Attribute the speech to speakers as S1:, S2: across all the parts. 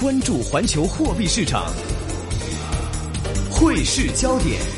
S1: 關注環球貨幣市場，匯市焦點。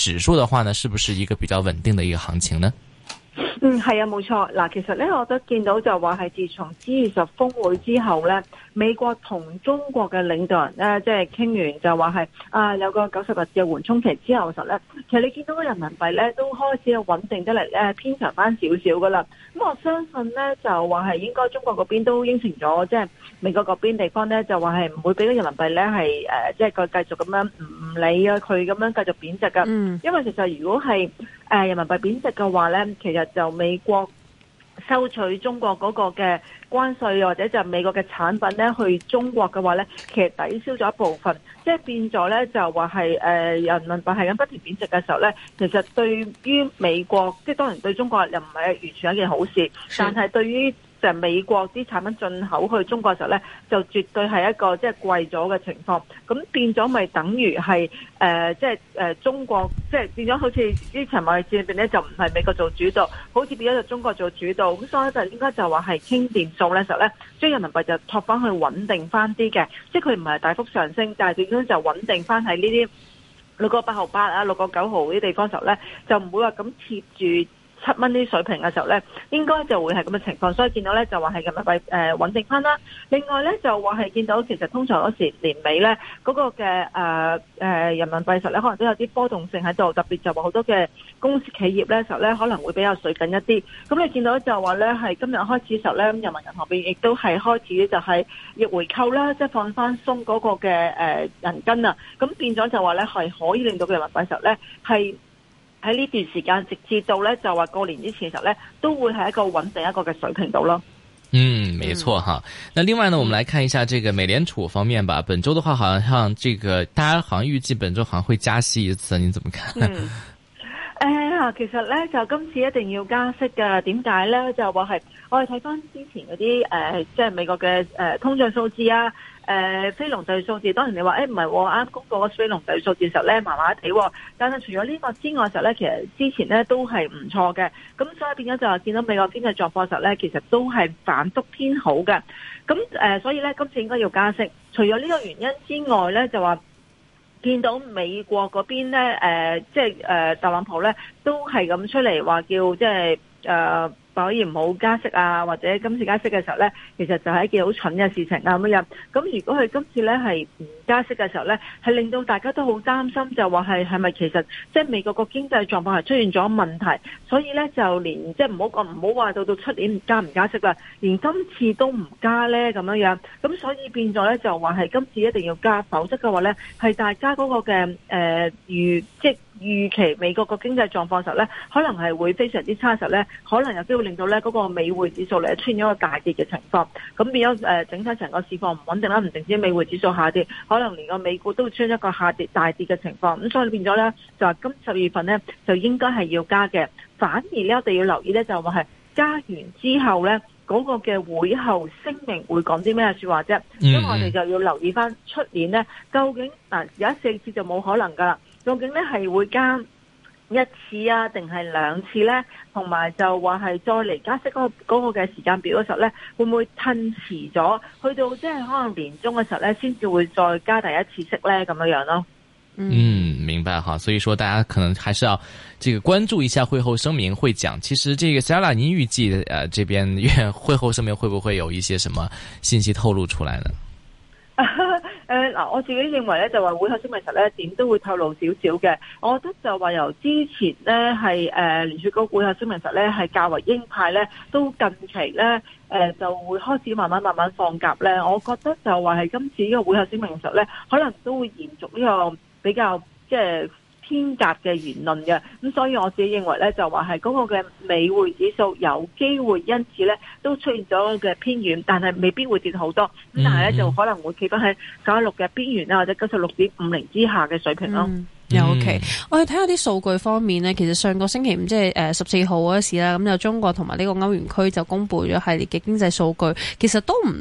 S1: 指數嘅話呢，係唔係一個比較穩定嘅一個行情呢？
S2: 嗯，係啊，冇錯。嗱，其實呢，我都見到就話係自從 G 二十峰會之後呢。美國同中國嘅領導人咧，即係傾完就話係啊，有個九十日嘅緩衝期之後嘅時候咧，其實你見到個人民幣咧都開始有穩定得嚟咧，偏強翻少少噶啦。咁我相信咧就話係應該中國嗰邊都應承咗，即係美國嗰邊地方咧就話係唔會俾個人民幣咧係誒，即係、呃就係、佢繼續咁樣唔理啊佢咁樣繼續貶值噶。嗯，因為其實如果係誒、呃、人民幣貶值嘅話咧，其實就美國。收取中國嗰個嘅關稅，或者就美國嘅產品咧去中國嘅話咧，其實抵消咗一部分，即係變咗咧就話係誒人民幣係咁不斷貶值嘅時候咧，其實對於美國即係當然對中國又唔係完全一件好事，是但係對於，就美國啲產品進口去中國嘅時候咧，就絕對係一個即係、就是、貴咗嘅情況。咁變咗咪等於係誒，即、呃、係、就是呃、中國，即、就、係、是、變咗好似呢場貿易戰入邊咧，就唔係美國做主導，好似變咗就中國做主導。咁所以就應該就話係傾掂數咧時候咧，將人民幣就托翻去穩定翻啲嘅。即係佢唔係大幅上升，但係變咗就穩定翻喺呢啲六個八號八啊，六個九號呢啲地方時候咧，就唔會話咁貼住。七蚊啲水平嘅時候咧，應該就會係咁嘅情況，所以見到咧就話係人民幣誒穩定翻啦。另外咧就話係見到其實通常嗰時年尾咧嗰個嘅誒、呃呃、人民幣實咧可能都有啲波動性喺度，特別就話好多嘅公司企業咧實咧可能會比較水緊一啲。咁、嗯、你見到就話咧係今日開始嘅時候咧，人民銀行邊亦都係開始就係逆回購啦，即係放翻鬆嗰個嘅、呃、銀根啊。咁變咗就話咧係可以令到嘅人民幣實咧係。喺呢段時間，直至到咧就話過年之前嘅時候咧，都會係一個穩定一個嘅水平度咯。
S1: 嗯，沒錯哈、嗯。那另外呢，我們來看一下這個美聯儲方面吧。嗯、本週的話，好像像這個大家好像預計本週好像會加息一次，你怎麼看？嗯
S2: 誒、呃、啊，其實咧就今次一定要加息嘅，點解咧？就話係我哋睇返之前嗰啲誒，即係美國嘅誒、呃、通脹數字啊，誒非農就業數字。當然你話誒唔係喎，啱、欸、公布個非農就業數字嘅時候咧麻麻地。但係除咗呢個之外嘅時候咧，其實之前咧都係唔錯嘅。咁所以變咗就話見到美國的經濟狀況嘅時候咧，其實都係反覆偏好嘅。咁誒、呃，所以咧今次應該要加息。除咗呢個原因之外咧，就話。見到美國嗰邊呢、呃，即係誒、呃，特朗普呢，都係咁出嚟話叫，即係誒。呃反而唔好加息啊，或者今次加息嘅時候呢，其實就係一件好蠢嘅事情啊咁樣，咁如果佢今次呢，係唔加息嘅時候呢，係令到大家都好擔心就是是是，就話係係咪其實即係美國個經濟狀況係出現咗問題，所以呢，就連即係唔好講唔好話到到出年加唔加息啦，連今次都唔加呢，咁樣樣。咁所以變咗呢，就話係今次一定要加，否則嘅話呢，係大家嗰個嘅誒預即係預期美國個經濟狀況嘅時候呢，可能係會非常之差嘅呢，可能有機會。令到咧嗰個美匯指數嚟出現咗個大跌嘅情況，咁變咗誒，整體成個市況唔穩定啦，唔定止美匯指數下跌，可能連個美股都出現一個下跌大跌嘅情況，咁所以變咗咧就話今十月份咧就應該係要加嘅，反而咧我哋要留意咧就話係加完之後咧嗰、那個嘅會後聲明會講啲咩說話啫，咁、嗯嗯、我哋就要留意翻出年咧究竟而家四次就冇可能噶啦，究竟咧係會加？一次啊，定係兩次呢？同埋就話係再嚟加息嗰、嗰個、嗰個嘅時間表嘅時候呢，會唔會褪遲咗？去到即係可能年中嘅時候呢，先至會再加第一次息呢？咁樣樣咯。嗯，
S1: 明白哈。所以說，大家可能還是要這個關注一下會後聲明會講。其實，這個 Sara 您預計誒、呃，這邊會後聲明會不會有一些什麼信息透露出來呢？
S2: 嗱，我自己認為咧，就話會後聲明實咧點都會透露少少嘅。我覺得就話由之前咧，係誒聯儲局會後聲明實咧，係較為鷹派呢，都近期呢，就會開始慢慢慢慢放鴿呢，我覺得就話係今次呢個會後聲明實呢，可能都會延續呢個比較即係。偏鴿嘅言論嘅，咁所以我自己認為咧，就話係嗰個嘅美匯指數有機會因此咧，都出現咗嘅偏軟，但係未必會跌好多，咁但係咧就可能會企返喺九十六嘅邊緣啦，或者九十六點五零之下嘅水平咯。嗯有、okay.
S3: k、嗯、我哋睇下啲數據方面呢，其實上個星期五即係誒十四號嗰時啦，咁有中國同埋呢個歐元區就公佈咗系列嘅經濟數據，其實都唔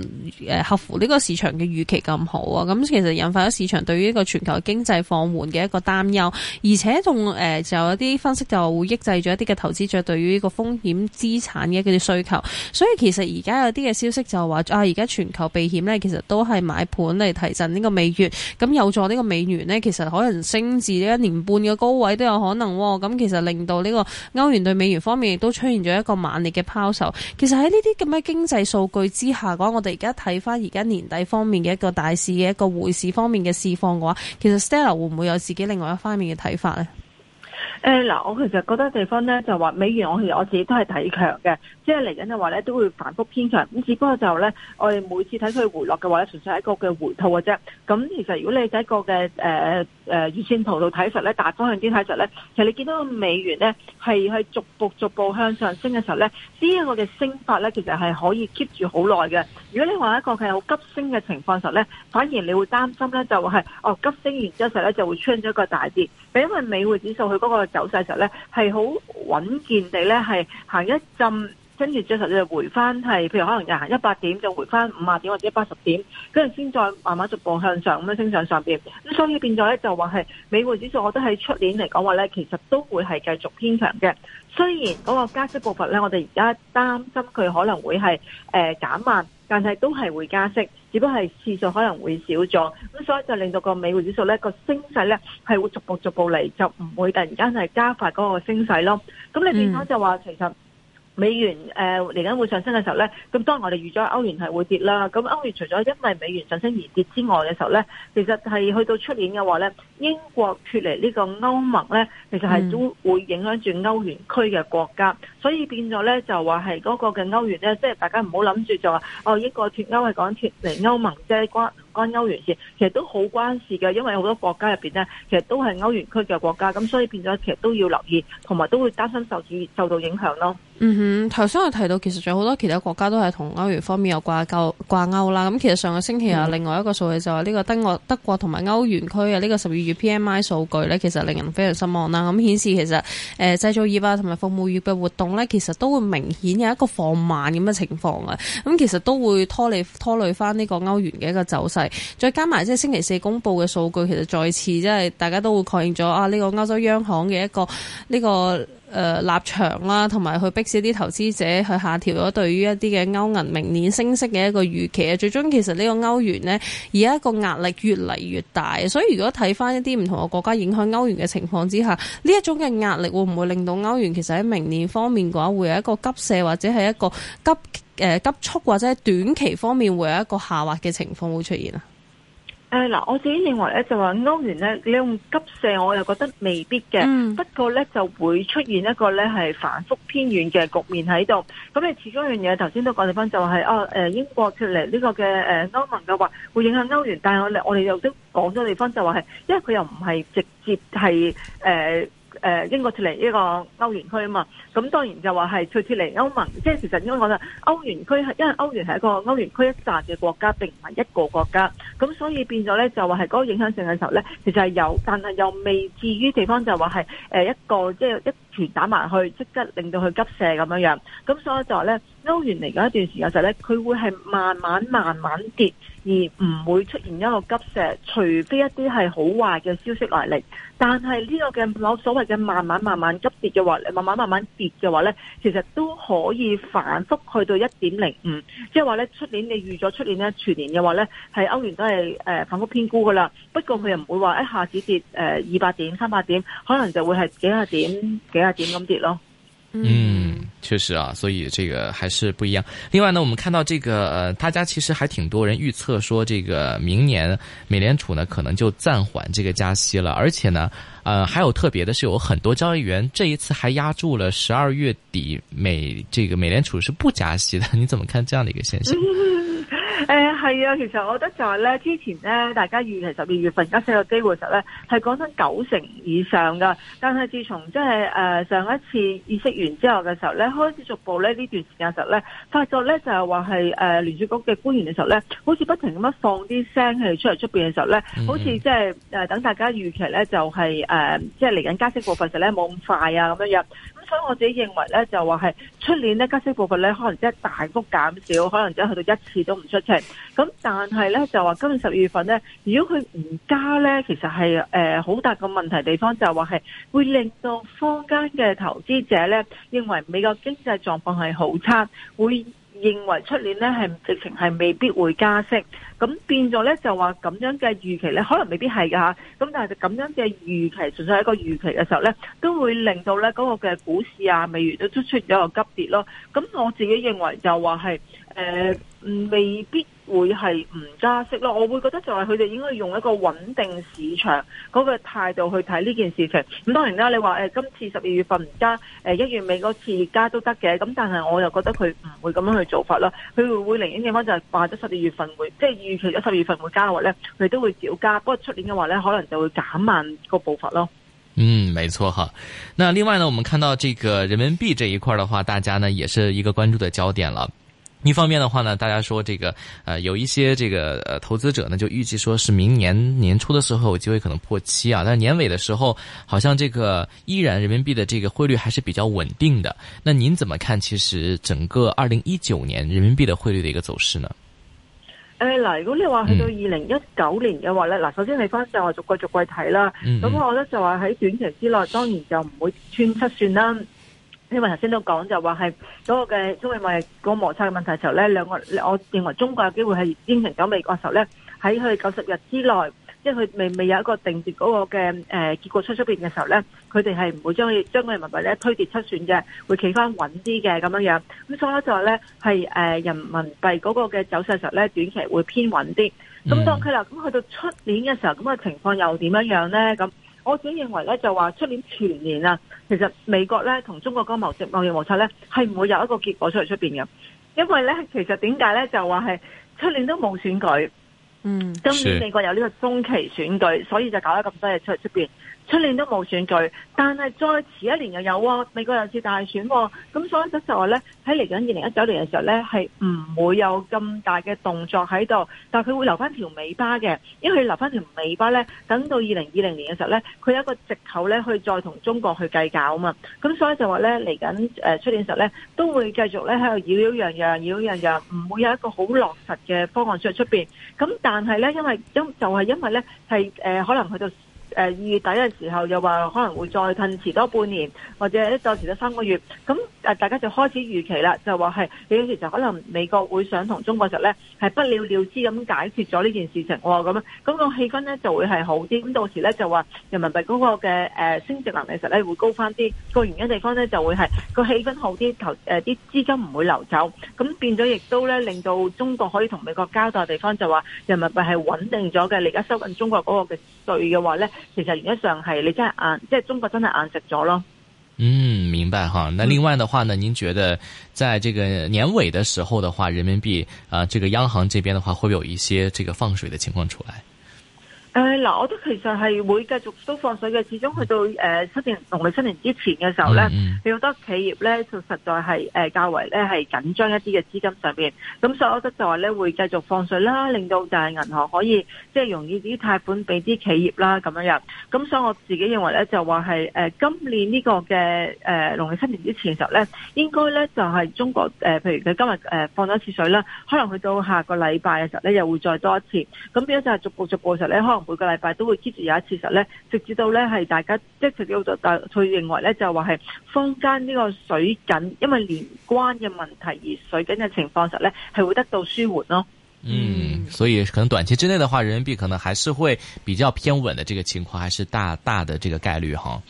S3: 合乎呢個市場嘅預期咁好啊。咁其實引發咗市場對於呢個全球經濟放緩嘅一個擔憂，而且仲誒就有一啲分析就會抑制咗一啲嘅投資者對於呢個風險資產嘅一啲需求。所以其實而家有啲嘅消息就話啊，而家全球避險呢，其實都係買盤嚟提振呢個美元，咁有助呢個美元呢，其實可能升至一年半嘅高位都有可能喎，咁其實令到呢個歐元對美元方面亦都出現咗一個猛烈嘅拋售。其實喺呢啲咁嘅經濟數據之下嘅話，我哋而家睇返而家年底方面嘅一個大市嘅一個匯市方面嘅釋放嘅話，其實 Stella 會唔會有自己另外一方面嘅睇法呢？
S2: 誒，嗱，我其實覺得地方咧就話美元，我我自己都係睇強嘅，即係嚟緊嘅話咧都會反覆偏強。咁只不過就咧，我哋每次睇佢回落嘅話咧，純粹係一個嘅回吐嘅啫。咁其實如果你喺一個嘅誒誒月線圖度睇實咧，大方向啲睇實咧，其實你見到美元咧係去逐步逐步向上升嘅時候咧，呢、這、一個嘅升法咧，其實係可以 keep 住好耐嘅。如果你話一個係好急升嘅情況時候咧，反而你會擔心咧就係、是、哦急升完之後咧就會出現咗一個大跌。俾因為美匯指數佢嗰個走勢時候咧，係好穩健地咧，係行一陣。跟住最係實就回翻，係譬如可能日行一百點，就回翻五啊點或者八十點，跟住先再慢慢逐步向上咁樣升上上邊。咁所以變咗咧就話係美匯指數，我覺得喺出年嚟講話咧，其實都會係繼續偏強嘅。雖然嗰個加息步伐咧，我哋而家擔心佢可能會係誒、呃、減慢，但係都係會加息，只不過係次數可能會少咗。咁所以就令到個美匯指數咧，這個升勢咧係會逐步逐步嚟，就唔會突然間係加快嗰個升勢咯。咁你變咗就話其實。嗯。美元誒嚟緊會上升嘅時候咧，咁當然我哋預咗歐元係會跌啦。咁歐元除咗因為美元上升而跌之外嘅時候咧，其實係去到出年嘅話咧，英國脫離呢個歐盟咧，其實係都會影響住歐元區嘅國家，嗯，所以變咗咧就話係嗰個嘅歐元咧，即係大家唔好諗住就話哦英國脫歐係講脫離歐盟啫，關關歐元事，其實都好關事嘅，因為好多國家入邊呢，其實都係歐元區嘅國家，咁所以變咗其實都要留意，同
S3: 埋都會擔心受市受到影響咯。嗯哼，頭先我提到，其實仲有好多其他國家都係同歐元方面有掛鈎掛鈎啦。咁其實上個星期啊，嗯、另外一個數據就係呢個德國德國同埋歐元區嘅呢個十二月 P M I 數據呢，其實令人非常失望啦。咁顯示其實誒、呃、製造業啊同埋服務業嘅活動呢，其實都會明顯有一個放慢咁嘅情況啊。咁其實都會拖累拖累翻呢個歐元嘅一個走勢。再加埋即係星期四公布嘅數據，其實再次即係大家都會確認咗啊，呢、這個歐洲央行嘅一個呢、這個誒、呃、立場啦，同埋去逼使啲投資者去下調咗對於一啲嘅歐銀明年升息嘅一個預期啊！最終其實這個歐呢個歐元而家一個壓力越嚟越大，所以如果睇翻一啲唔同嘅國家影響歐元嘅情況之下，呢一種嘅壓力會唔會令到歐元其實喺明年方面嘅話，會有一個急瀉或者係一個急？誒，急速或者短期方面會有一個下滑嘅情況會出現啊？
S2: 誒，嗱，我自己認為咧就話歐元咧，你用急瀉，我又覺得未必嘅。不過咧就會出現一個咧係反覆偏軟嘅局面喺度。咁你始終一樣嘢，頭先都講咗，翻就係哦，誒，英國出嚟，呢個嘅誒，歐盟嘅話會影響歐元，但係我哋我哋又都講咗地方，就話係，因為佢又唔係直接係誒。誒英國脫離呢個歐元區啊嘛，咁當然就話係佢脫離歐盟，即係其實應該講歐元區，因為歐元係一個歐元區一紮嘅國家，並唔係一個國家，咁所以變咗呢就話係嗰個影響性嘅時候呢，其實係有，但係又未至於地方就話係誒一個即係一個。全打埋去，即刻令到佢急瀉咁樣樣。咁所以就話呢，歐元嚟緊一段時間就呢，佢會係慢慢慢慢跌，而唔會出現一個急瀉，除非一啲係好壞嘅消息嚟嚟。但係呢個嘅所謂嘅慢慢慢慢急跌嘅話，慢慢慢慢跌嘅話呢，其實都可以反覆去到一點零五。即、就、係、是、話呢，出年你預咗出年呢，全年嘅話呢，係歐元都係誒、呃、反覆偏沽㗎喇。不過佢又唔會話一、哎、下子跌誒二百點三百點，可能就會係幾廿點幾廿。
S1: 點咁跌咯，嗯，確實啊，所以這個還是不一樣。另外呢，我們看到這個呃，大家其實還挺多人預測說，這個明年美聯儲呢可能就暫緩這個加息了，而且呢，呃，還有特別的是，有很多交易員這一次還押注了十二月底美這個美聯儲是不加息的。你怎麼看這樣的一個現象？嗯
S2: 誒、呃，係啊，其實我覺得就係咧，之前咧，大家預期十二月份加息嘅機會時候咧係講緊九成以上噶，但係自從即係誒上一次意識議息完之後嘅時候咧，開始逐步咧，呢段時間時候咧，發覺咧就係話係聯儲局嘅官員嘅時候咧，好似不停咁樣放啲聲氣出嚟出面嘅時候咧，好似即係等大家預期咧就係即係嚟緊加息過分時候咧冇咁快啊咁樣樣。所以我自己認為咧，就話係出年咧加息部分咧，可能真係大幅減少，可能真係去到一次都唔出聲。咁但係咧，就話今年十二月份咧，如果佢唔加咧，其實係誒好大個問題地方，就話係會令到坊間嘅投資者咧認為美國經濟狀況係好差，會。認為出年呢係直情係未必會加息，咁變咗呢就話咁樣嘅預期呢可能未必係噶吓，咁但係咁樣嘅預期純粹係一個預期嘅時候呢，都會令到呢嗰個嘅股市啊、美元都出現咗個急跌咯，咁我自己認為就話係誒，未必。會係唔加息咯，我會覺得就係佢哋應該用一個穩定市場嗰個態度去睇呢件事情。咁當然啦，你話誒，今次十二月份唔加，誒一月尾嗰次加都得嘅。咁但係我又覺得佢唔會咁樣去做法啦。佢會會另一地方就係話咗十二月份會，即係預期咗十月份會加嘅話呢，佢都會少加。不過出年嘅話呢，可能就會減慢個步伐咯。
S1: 嗯，沒錯吓。那另外呢，我們看到這個人民幣這一塊的話，大家呢也是一個關注的焦點了。一方面的話呢，大家說這個呃有一些這個投資者呢，就預計說是明年年初的時候有機會可能破七啊，但是年尾的時候好像這個依然人民幣的這個匯率還是比較穩定的。那您怎麼看，其實整個二零一九年人民幣的匯率的一個走勢呢？誒，
S2: 嗱，如果你話去到二零一九年嘅話呢，嗱、嗯，首先你翻上、嗯嗯、我逐季逐季睇啦，咁我覺得就話喺短期之內，當然就唔會穿七算啦。因為頭先都講就話係嗰個嘅中美貿易嗰個摩擦嘅問題的時候咧，兩個我認為中國有機會係應承咗美國時候咧，喺佢九十日之內，即係佢未未有一個定奪嗰個嘅誒結果出出邊嘅時候咧，佢哋係唔會將佢將佢人民幣咧推跌出線嘅，會企翻穩啲嘅咁樣樣。咁所以就話咧，係誒人民幣嗰個嘅走勢時候咧，短期會偏穩啲。咁當佢啦，咁去到出年嘅時候，咁嘅情況又點樣樣咧？咁。我自己認為咧就話出年全年啊，其實美國咧同中國嘅貿易摩擦咧係唔會有一個結果出嚟出邊嘅，因為咧其實點解咧就話係出年都冇選舉，嗯，今年美國有呢個中期選舉，所以就搞咗咁多嘢出嚟。出邊。出年都冇選舉，但係再遲一年又有喎、哦。美國又次大選、哦，咁所以就話咧，喺嚟緊二零一九年嘅時候咧，係唔會有咁大嘅動作喺度，但係佢會留翻條尾巴嘅，因為留翻條尾巴咧，等到二零二零年嘅時候咧，佢有一個藉口咧去再同中國去計較啊嘛，咁所以就話咧，嚟緊出年時候咧，都會繼續咧喺度擾擾攘攘擾攘攘，唔會有一個好落實嘅方案出去出面，咁但係咧，因為因就係因為咧係、就是呃、可能去到。誒，二月底嘅時候又話可能會再延遲多半年，或者再延遲多三個月，咁。誒，大家就開始預期啦，就話係你其實可能美國會想同中國實咧，係不了了之咁解決咗呢件事情喎，咁、哦、咁、咁個氣氛咧就會係好啲，咁到時咧就話人民幣嗰個嘅、呃、升值能力實咧會高翻啲，個原因地方咧就會係個氣氛好啲，投啲、呃、資金唔會流走，咁變咗亦都咧令到中國可以同美國交代嘅地方就話人民幣係穩定咗嘅，你而家收緊中國嗰個嘅稅嘅話咧，其實原因上係你真係硬，即係中國真係硬食咗咯。
S1: 嗯，明白哈。那另外的話呢，您覺得在這個年尾的時候的話，人民幣啊，呃，這個央行這邊的話，會不會有一些這個放水的情況出來？
S2: 誒，嗱，我都其實係會繼續都放水嘅，始終去到誒、呃、年農曆新年之前嘅時候咧、嗯，有好多企業咧就實在係誒、呃、較為咧係緊張一啲嘅資金上邊，咁所以我覺得就話咧會繼續放水啦，令到就係銀行可以即係容易啲貸款俾啲企業啦，咁樣樣。咁所以我自己認為咧就話係誒今年呢個嘅誒農曆新年之前嘅時候咧，應該咧就係中國誒、呃，譬如佢今日誒、呃、放咗一次水啦，可能去到下個禮拜嘅時候咧又會再多一次，咁變咗就係逐步逐步時候咧可。每個禮拜都會 keep 住有一次實咧，直至到咧係大家，即係直至到大佢認為咧就話係坊間呢個水緊，因為連關嘅問題而水緊嘅情況實咧係會得到舒緩咯。嗯，
S1: 所以可能短期之內嘅話，人民幣可能還是會比較偏穩嘅，這個情況還是大大的這個概率哈。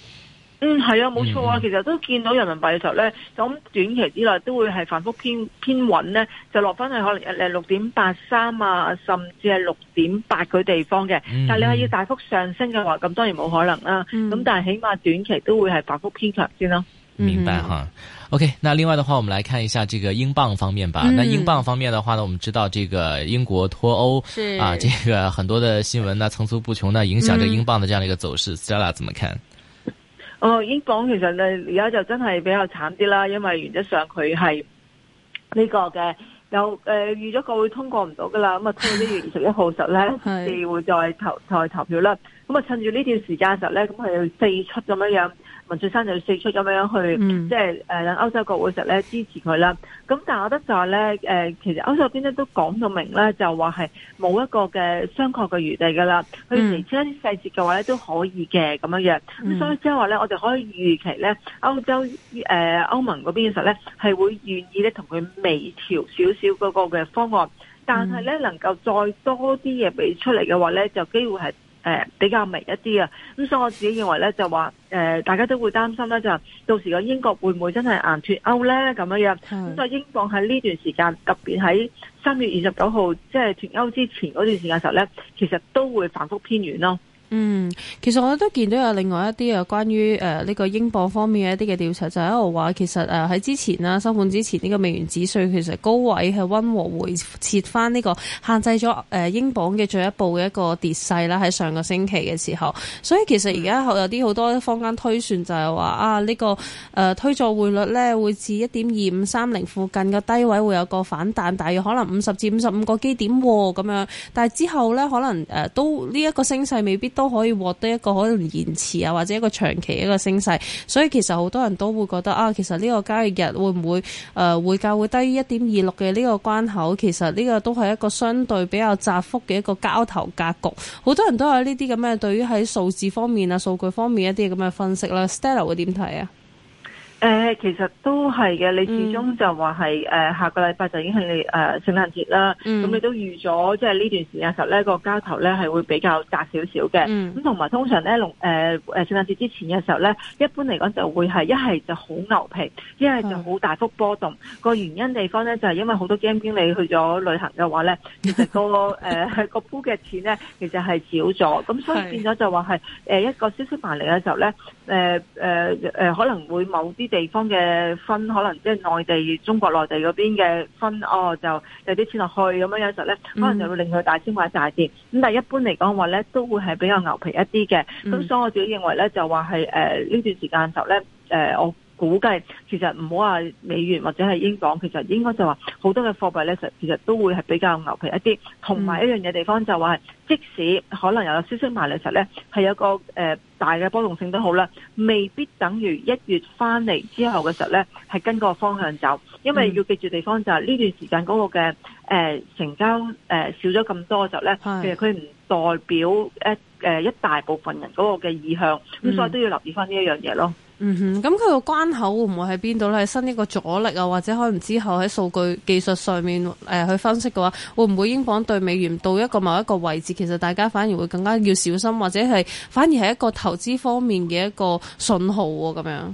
S2: 嗯，係啊，冇錯啊，其實都見到人民幣嘅時候咧，咁、嗯、短期之內都會係反覆偏偏穩呢，就落翻去可能誒六點八三啊，甚至係六點八個地方嘅、嗯。但係你話要大幅上升嘅話，咁當然冇可能啦、啊。咁、嗯、但係起碼短期都會係反覆偏強先咯。
S1: 明白哈。OK，那另外的話，我們來看一下這個英鎊方面吧。嗯、那英鎊方面的話呢，我們知道這個英國脱歐啊，這個很多的新聞呢，層出不窮呢，影響着英鎊的這樣一個走勢。Stella、嗯、怎麼看？
S2: 哦，英國其實咧，而家就真係比較慘啲啦，因為原則上佢係呢個嘅，又誒預咗個會通過唔到㗎喇，咁 啊，聽日二十一號就咧會再投再投票啦，咁啊，趁住呢段時間就咧，咁佢四出咁樣樣。文翠珊就四出咁樣去，嗯、即係誒、呃、歐洲國會時咧支持佢啦。咁但係我覺得就係咧，誒、呃、其實歐洲嗰邊咧都講到明咧，就話係冇一個嘅商榷嘅餘地㗎啦。佢、嗯、其他啲細節嘅話咧都可以嘅咁樣樣。咁、嗯、所以即係話咧，我哋可以預期咧，歐洲誒、呃、歐盟嗰邊嘅時候咧係會願意咧同佢微調少少嗰個嘅方案，但係咧能夠再多啲嘢俾出嚟嘅話咧，就機會係。誒、呃，比較微一啲啊，咁、嗯、所以我自己認為咧，就話誒、呃，大家都會擔心咧，就到時個英國會唔會真係硬脱歐咧咁樣樣？咁、嗯、所以英鎊喺呢段時間，特別喺三月二十九號即係脫歐之前嗰段時間時候咧，其實都會反覆偏軟咯。
S3: 嗯，其實我都見到有另外一啲啊，關於誒呢個英鎊方面嘅一啲嘅調查，就喺度話其實誒喺之前啦，收盤之前呢個美元指數其實高位係溫和回撤翻，呢個限制咗誒英鎊嘅進一步嘅一個跌勢啦。喺上個星期嘅時候，所以其實而家有啲好多坊間推算就係話啊，呢個誒推助匯率咧會至一點二五三零附近嘅低位會有一個反彈，大約可能五十至五十五個基點咁樣。但係之後咧可能誒都呢一個升勢未必。都可以獲得一個可能延遲啊，或者一個長期的一個升勢，所以其實好多人都會覺得啊，其實呢個交易日會唔會誒匯價會低於一點二六嘅呢個關口？其實呢個都係一個相對比較窄幅嘅一個交投格局，好多人都有呢啲咁嘅對於喺數字方面啊、數據方面的一啲咁嘅分析啦。Mm-hmm. Stella 會點睇啊？
S2: 呃、其實都係嘅。你始終就話係、嗯、下個禮拜就已經係你誒、呃、聖誕節啦。咁、嗯、你都預咗，即係呢段時間時候咧個交投咧係會比較窄少少嘅。咁同埋通常咧龍誒聖誕節之前嘅時候咧，一般嚟講就會係一係就好牛皮，一係就好大幅波動。個、嗯、原因地方咧就係、是、因為好多基金經理去咗旅行嘅話咧，其實、那個誒個鋪嘅錢咧其實係少咗，咁所以變咗就話、是、係、呃、一個消息爆嚟嘅時候咧，誒、呃呃呃、可能會某啲地方嘅分可能即係內地中國內地嗰邊嘅分哦，就有啲錢落去咁樣，有時候咧、嗯、可能就會令佢大升或者大跌。咁但係一般嚟講話咧，都會係比較牛皮一啲嘅。咁、嗯、所以我自己認為咧，就話係誒呢段時間就咧誒我。估計其實唔好話美元或者係英鎊，其實應該就話好多嘅貨幣咧，其實都會係比較牛皮一啲。同埋一樣嘢地方就話、是嗯，即使可能有消息埋嚟，實咧係有個誒、呃、大嘅波動性都好啦，未必等於一月翻嚟之後嘅時候咧係跟個方向走，因為要記住地方就係、是、呢、嗯、段時間嗰個嘅、呃、成交誒、呃、少咗咁多嘅時候咧，其實佢唔代表一、呃、一大部分人嗰個嘅意向，咁、嗯、所以都要留意翻呢一樣嘢咯。
S3: 嗯哼，咁佢個關口會唔會喺邊度咧？係新一個阻力啊，或者可能之後喺數據技術上面、呃、去分析嘅話，會唔會英鎊對美元到一個某一個位置，其實大家反而會更加要小心，或者係反而係一個投資方面嘅一個信號喎咁樣。
S2: 誒、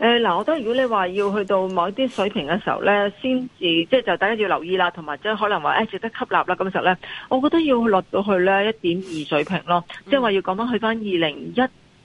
S2: 呃、嗱，我覺得如果你話要去到某啲水平嘅時候咧，先至即係就大家要留意啦，同埋即係可能話、哎、值得吸納啦。咁時候咧，我覺得要落到去咧一點二水平咯，即係話要講翻去翻二零一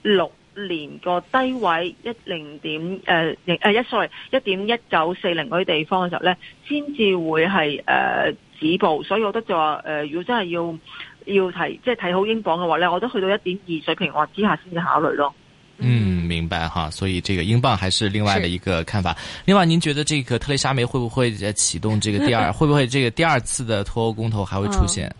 S2: 六。連個低位一零點誒誒一 sorry 一點一九四零嗰啲地方嘅時候咧，先至會係誒、呃、止步，所以我覺得就話誒如果真係要要睇即係睇好英鎊嘅話咧，我覺得去到一點二水平我之下先至考慮咯。嗯，
S1: 明白哈，所以這個英鎊還是另外的一個看法。另外，您覺得這個特蕾莎梅會不會啟動這個第二， 會不會這個第二次的脫歐公投還會出現？嗯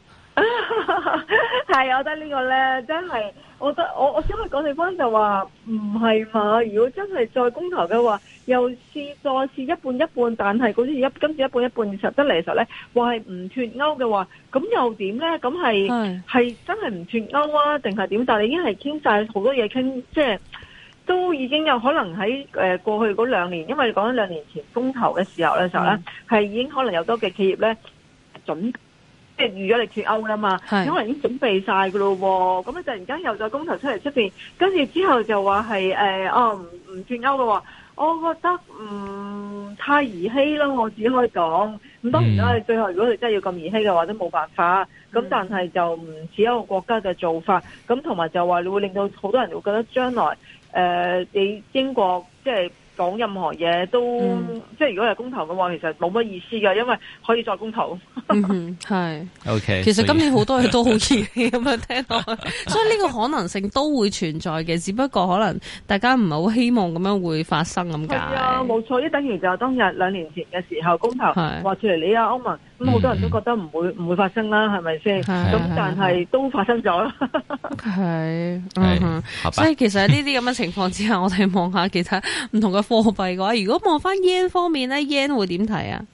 S2: 係有得這個呢個咧，真係，我覺得我我因為嗰地方就話唔係嘛，如果真係再公投嘅話，又試再次一半一半，但係嗰啲今次一半一半，實得嚟嘅時候咧，話係唔脱歐嘅話，咁又點咧？咁係係真係唔脱歐啊？定係點？但係已經係傾晒好多嘢，傾即係都已經有可能喺誒、呃、過去嗰兩年，因為講緊兩年前公投嘅時候咧，時候咧係已經可能有多嘅企業咧準。即係預咗你脱歐啦嘛，因為已經準備晒㗎咯喎，咁你突然間又再公投出嚟出邊，跟住之後就、呃哦、話係誒啊唔唔脱歐喎，我覺得唔、嗯、太兒戲咯，我只可以講。咁當然啦，最後如果你真係要咁兒戲嘅話，都冇辦法。咁但係就唔似一個國家嘅做法，咁同埋就話會令到好多人會覺得將來誒、呃、你英國即係。講任何嘢都、嗯、即係如果係公投嘅話，其實冇乜意思㗎，因為可以再公投。
S3: 係、嗯、
S1: ，OK。其實今年好
S3: 多嘢都好熱氣咁樣聽落，所以呢個可能性都會存在嘅，只不過可能大家唔係好希望咁樣會發生咁解。係啊，
S2: 冇錯，一等於就當日兩年前嘅時候公投話出嚟，你啊，歐、嗯、文，咁好多人都覺得唔會唔會發生啦，係咪先？咁、啊、但係都發生咗啦。
S3: 係、啊，嗯哼、啊，所以其實喺呢啲咁嘅情況之下， 我哋望下其他唔同嘅。貨幣嘅話，如果望翻 yen 方面咧，yen 會點睇啊？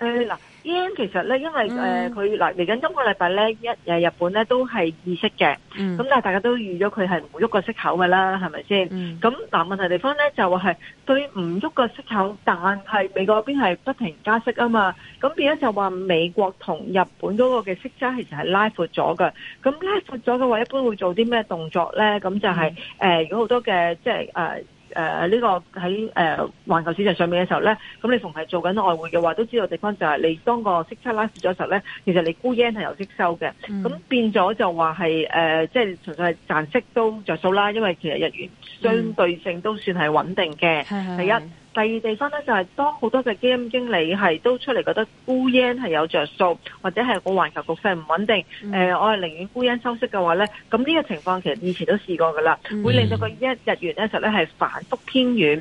S2: 誒、嗯，嗱、嗯、，yen 其實咧，因為誒佢嗱嚟緊今個禮拜咧，一誒日本咧都係議息嘅，咁、嗯、但係大家都預咗佢係唔喐個息口噶啦，係咪先？咁、嗯、嗱，問題地方咧就係、是、對唔喐個息口，但係美國邊係不停加息啊嘛，咁變咗就話美國同日本嗰個嘅息差其實係拉闊咗嘅，咁拉闊咗嘅話，一般會做啲咩動作咧？咁就係、是、誒、嗯呃，如果好多嘅即係誒。呃誒、呃、呢、這個喺誒、呃、環球市場上面嘅時候咧，咁你逢係做緊外匯嘅話，都知道地方就係你當個息差拉闊咗時候咧，其實你沽 yen 係有息收嘅，咁、嗯、變咗就話係誒，即、呃、係、就是、純粹係賺息都着數啦，因為其實日元相對性都算係穩定嘅，嗯、第一。是是是。第二地方咧就係當好多嘅基金經理係都出嚟覺得孤鶩係有着數，或者係個環球局勢唔穩定，誒、嗯呃，我係寧願孤鶩收息嘅話咧，咁呢個情況其實以前都試過㗎喇，會令到個一日元咧就咧係反覆偏軟。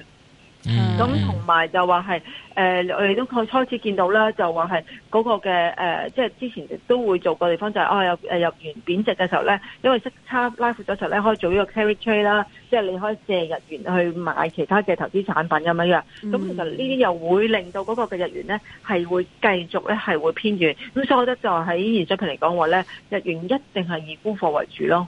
S2: 咁同埋就話係誒，我哋都開開始見到啦，就話係嗰個嘅誒，即、呃、係、就是、之前都會做過地方就係、是，哦、啊，有誒日元貶值嘅時候咧，因為息差拉闊咗時候咧，可以做呢個 carry trade 啦，即、就、係、是、你可以借日元去買其他嘅投資產品咁樣樣。咁其實呢啲又會令到嗰個嘅日元咧係會繼續咧係會偏軟。咁所以我覺得就喺現水平嚟講話咧，日元一定係以沽貨為主咯。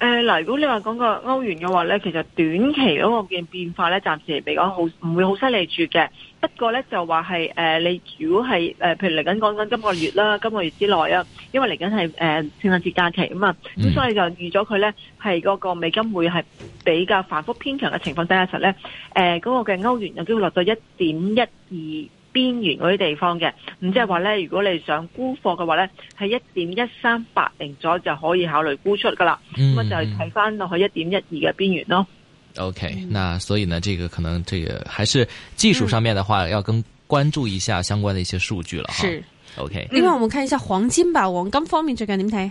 S2: 誒、呃、嗱，如果你話講個歐元嘅話呢，其實短期嗰個變化呢，暫時嚟比較好，唔會好犀利住嘅。不過呢，就話係誒，你如果係誒，譬如嚟緊講緊今個月啦，今個月之內啊，因為嚟緊係誒聖誕節假期啊嘛，咁、嗯、所以就預咗佢呢，係嗰個美金會係比較反覆偏強嘅情況底下時呢，實咧誒嗰個嘅歐元有機會落到一點一二。邊緣嗰啲地方嘅，咁即係話咧，如果你想沽貨嘅話咧，喺一點一三八零左右就可以考慮沽出噶啦，咁、嗯、就係睇翻落去一點一二嘅邊緣咯。
S1: OK，那所以呢，這個可能這個還是技術上面的話，嗯、要更關注一下相關的一些數據啦。是 OK，另外
S3: 我們看一下黃金吧，黃金方面最近點睇？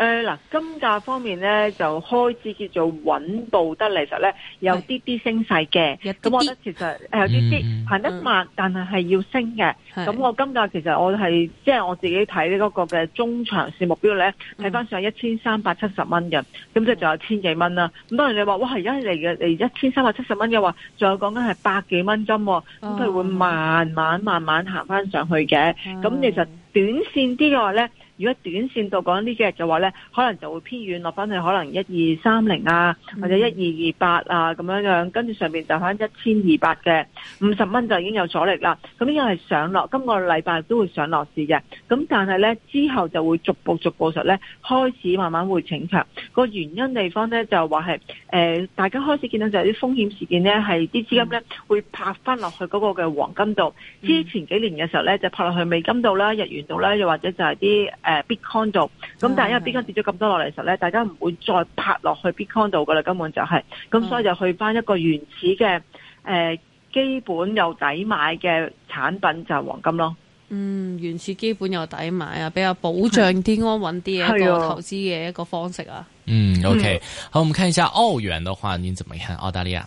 S3: 誒、呃，嗱，金
S2: 價方面咧，就開始叫做穩步得嚟實咧，有啲啲升勢嘅。咁我覺得其實有啲啲行一點點、嗯、得慢，嗯、但係係要升嘅。咁我金價其實我係即係我自己睇呢個個嘅中長線目標咧，睇翻上一千三百七十蚊嘅。咁即係仲有千幾蚊啦。咁、嗯、當然你話，哇，而家嚟嘅嚟一千三百七十蚊嘅話，仲有講緊係百幾蚊金喎。咁佢會慢慢慢慢行翻上去嘅。咁、嗯、其實短線啲嘅話咧。如果短線度講呢幾日嘅話咧，可能就會偏遠落翻去可能一二三零啊，或者一二二八啊咁樣，跟住上面就翻一千二百嘅五十蚊就已經有阻力啦。咁因係上落今個禮拜都會上落市嘅，咁但係咧之後就會逐步逐步實咧，開始慢慢會整強。個原因地方咧就話係、呃、大家開始見到就係啲風險事件咧，係啲資金咧、嗯、會拍翻落去嗰個嘅黃金度。之前幾年嘅時候咧，就拍落去美金度啦、日元度啦，又或者就係啲誒，Bitcoin 度，咁但係因為 Bitcoin 跌咗咁多落嚟時候咧，大家唔會再拍落去 Bitcoin 度噶啦，根本就係，咁所以就去翻一個原始嘅
S3: 誒，基本又抵買嘅產品就係黃金咯。嗯，原始基本又抵買啊，比較保障啲、安穩啲嘅一個投資嘅一個方式啊。
S1: 嗯，OK，嗯，好，我們看一下澳元的話，你怎麼看澳大利亞？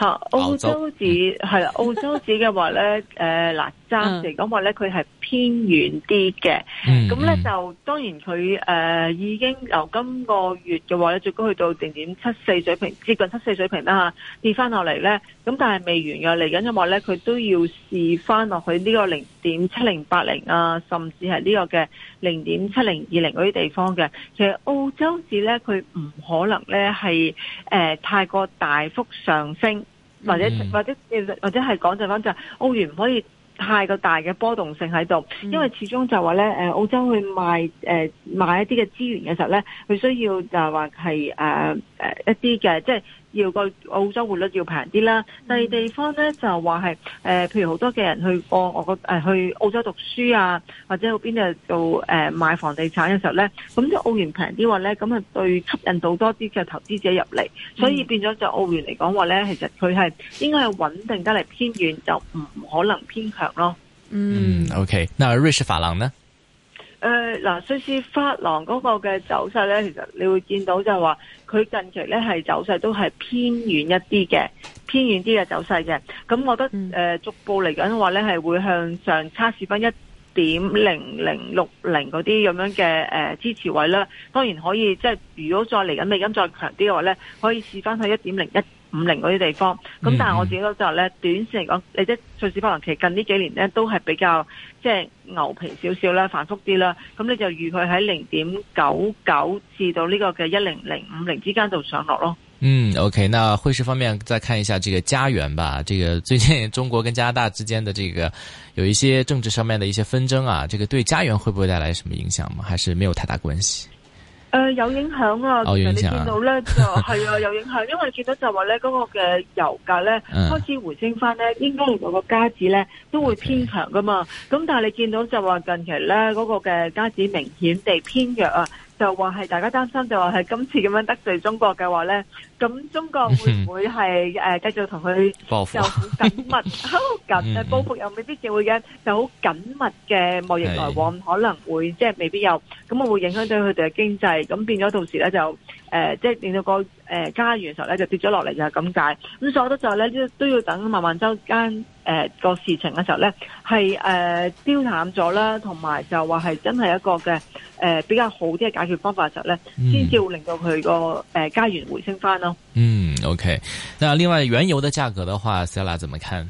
S3: 吓，
S2: 澳洲紙係啦，澳洲紙 嘅話咧，誒、 呃，嗱，暫時咁話咧，佢係偏遠啲嘅，咁咧就當然佢誒、呃、已經由今個月嘅話咧，最高去到零點七四水平，接近七四水平啦吓，跌翻落嚟咧，咁但係未完嘅，嚟緊嘅話咧，佢都要試翻落去呢個零點七零八零啊，甚至係呢個嘅零點七零二零嗰啲地方嘅。其實澳洲紙咧，佢唔可能咧係誒太過大幅上升。升或者或者或者係講就翻就係澳元唔可以太過大嘅波動性喺度，因為始終就話咧誒，澳洲去賣誒，賣一啲嘅資源嘅時候咧，佢需要就話係誒。呃誒，一啲嘅即係要個澳洲匯率要平啲啦。第二地方咧就話係誒，譬如，好多嘅人去我我誒去澳洲讀書啊，或者去邊度做誒賣、呃、房地產嘅時候咧，咁即澳元平啲話咧，咁啊對吸引到多啲嘅投資者入嚟，所以變咗就澳元嚟講話咧，其實佢係應該係穩定得嚟偏軟，就唔可能偏強咯。嗯
S1: ，OK，嗱瑞士法郎咧？
S2: 誒、呃，嗱，瑞士法郎嗰個嘅走勢咧，其實你會見到就係話。佢近期咧係走勢都係偏遠一啲嘅，偏遠啲嘅走勢嘅。咁我覺得誒、嗯呃、逐步嚟緊話咧係會向上測試翻一點零零六零嗰啲咁樣嘅、呃、支持位啦。當然可以，即係如果再嚟緊美金再強啲嘅話咧，可以試翻去一點零一。五零嗰啲地方，咁、嗯、但係我自己都覺得咧，短線嚟講，你即瑞士法郎其近呢幾年咧都係比較即係牛皮少少啦，反覆啲啦，咁你就預佢喺零點九九至到呢個嘅一零零五零之間度上落咯。
S1: 嗯，OK，那匯市方面再看一下這個加元吧。這個最近中國跟加拿大之間的這個有一些政治上面的一些紛爭啊，這個對加元會不會帶來什麼影響嗎？還是沒有太大關係？
S2: 誒、呃，有影響啊！其實你見到咧，就係啊有影響， 因為你見到就話咧，嗰個嘅油價咧開始回升翻咧，嗯，應該嚟到個加子咧都會偏強噶嘛。咁但係你見到就話近期咧嗰個嘅加子明顯地偏弱啊。就話係大家擔心，就話係今次咁樣得罪中國嘅話咧，咁中國會唔會係誒繼續同佢就好緊密？好 緊密誒、嗯，報復又未必就會嘅，就好緊密嘅貿易來往可能會即係未必有，咁啊會影響到佢哋嘅經濟，咁變咗到時咧就誒、呃、即係令到個誒加元嘅時候咧就跌咗落嚟就係咁解。咁所以我都就呢，咧都要等慢慢周間誒個事情嘅時候咧係誒丟淡咗啦，同埋就話係真係一個嘅。誒比較好啲嘅解決方法就係咧，先至會令到佢個誒加元回升翻咯。嗯
S1: ，OK。那另外原油嘅價格的話 s i l a 怎麼看？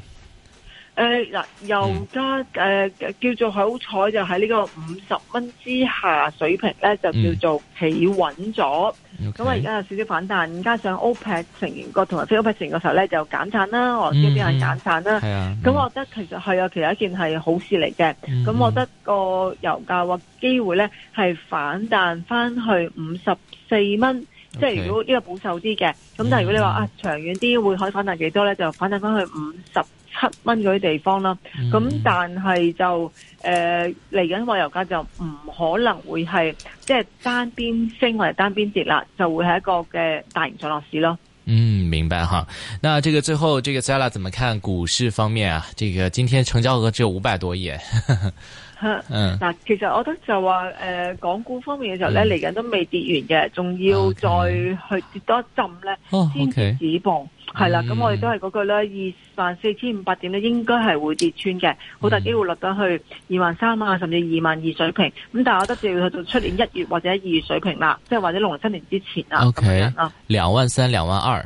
S2: 誒、呃、嗱，油價誒、呃、叫做好彩，就喺、是、呢個五十蚊之下水平咧，就叫做企穩咗。咁、嗯、啊，而、okay, 家有少少反彈，加上 OPEC 成員國同埋非 OPEC 成員國咧就減產啦，俄羅斯啲人減產啦。咁、嗯嗯、我覺得其實係有、嗯嗯、其他其實一件係好事嚟嘅。咁、嗯、我覺得個油價或機會咧係反彈翻去五十四蚊，okay, 即係如果呢個保守啲嘅。咁但係如果你話、嗯、啊長遠啲會可以反彈幾多咧，就反彈翻去五十。七蚊嗰啲地方啦，咁但係就誒嚟緊話油價就唔可能會係，即係單邊升或者單邊跌啦，就會係一個嘅大型上落市咯。
S1: 嗯，明白哈。那這個最後，這個 Sara 怎麼看股市方面啊？這個今天成交額只有五百多億。
S2: 嗱、 嗯，其實我覺得就話誒、呃，港股方面嘅時候咧，嚟緊都未跌完嘅，仲、嗯、要再去跌多一陣咧，先、okay. 止步。Oh, okay. 係、嗯、啦，咁我哋都係嗰句啦，二萬四千五百點咧，應該係會跌穿嘅，好大機會落得去二萬三啊，甚至二萬二水平。咁但係我覺得要，去到出年一月或者二月水平啦，即係或者農曆新年之前啦。OK，
S1: 兩萬三，兩萬二。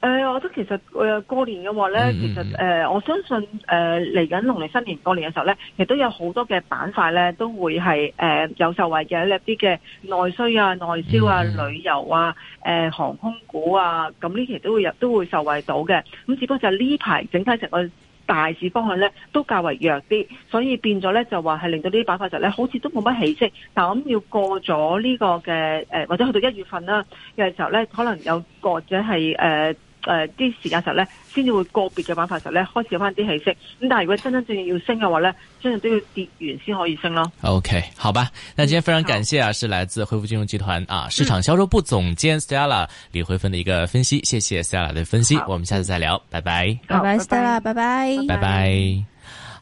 S2: 誒、呃，我覺得其實、呃、過年嘅話咧，mm-hmm. 其實誒、呃、我相信誒嚟緊農曆新年過年嘅時候咧，其實都有好多嘅板塊咧，都會係誒、呃、有受惠嘅一啲嘅內需啊、內銷啊、旅遊啊、呃、航空股啊，咁呢期都會都會受惠到嘅。咁只不過就係呢排整體成個大市方向咧都較為弱啲，所以變咗咧就話係令到呢啲板塊就咧好似都冇乜起色。但係咁要過咗呢個嘅、呃、或者去到一月份啦嘅時候咧，可能有或者係誒，呃呃啲時間上呢，先至會個別嘅板塊上呢，開始有翻啲氣息。咁但係如果真真正正要升嘅話呢，真係都要跌完先可以升咯。
S1: OK，好吧。那今天非常感謝啊，是來自匯富金融集團啊市場銷售部總監、嗯、Stella 李慧芬的一個分析。謝謝 Stella 的分析，我們下次再聊，拜拜。拜拜 Stella
S3: 拜拜，拜拜。
S1: 拜拜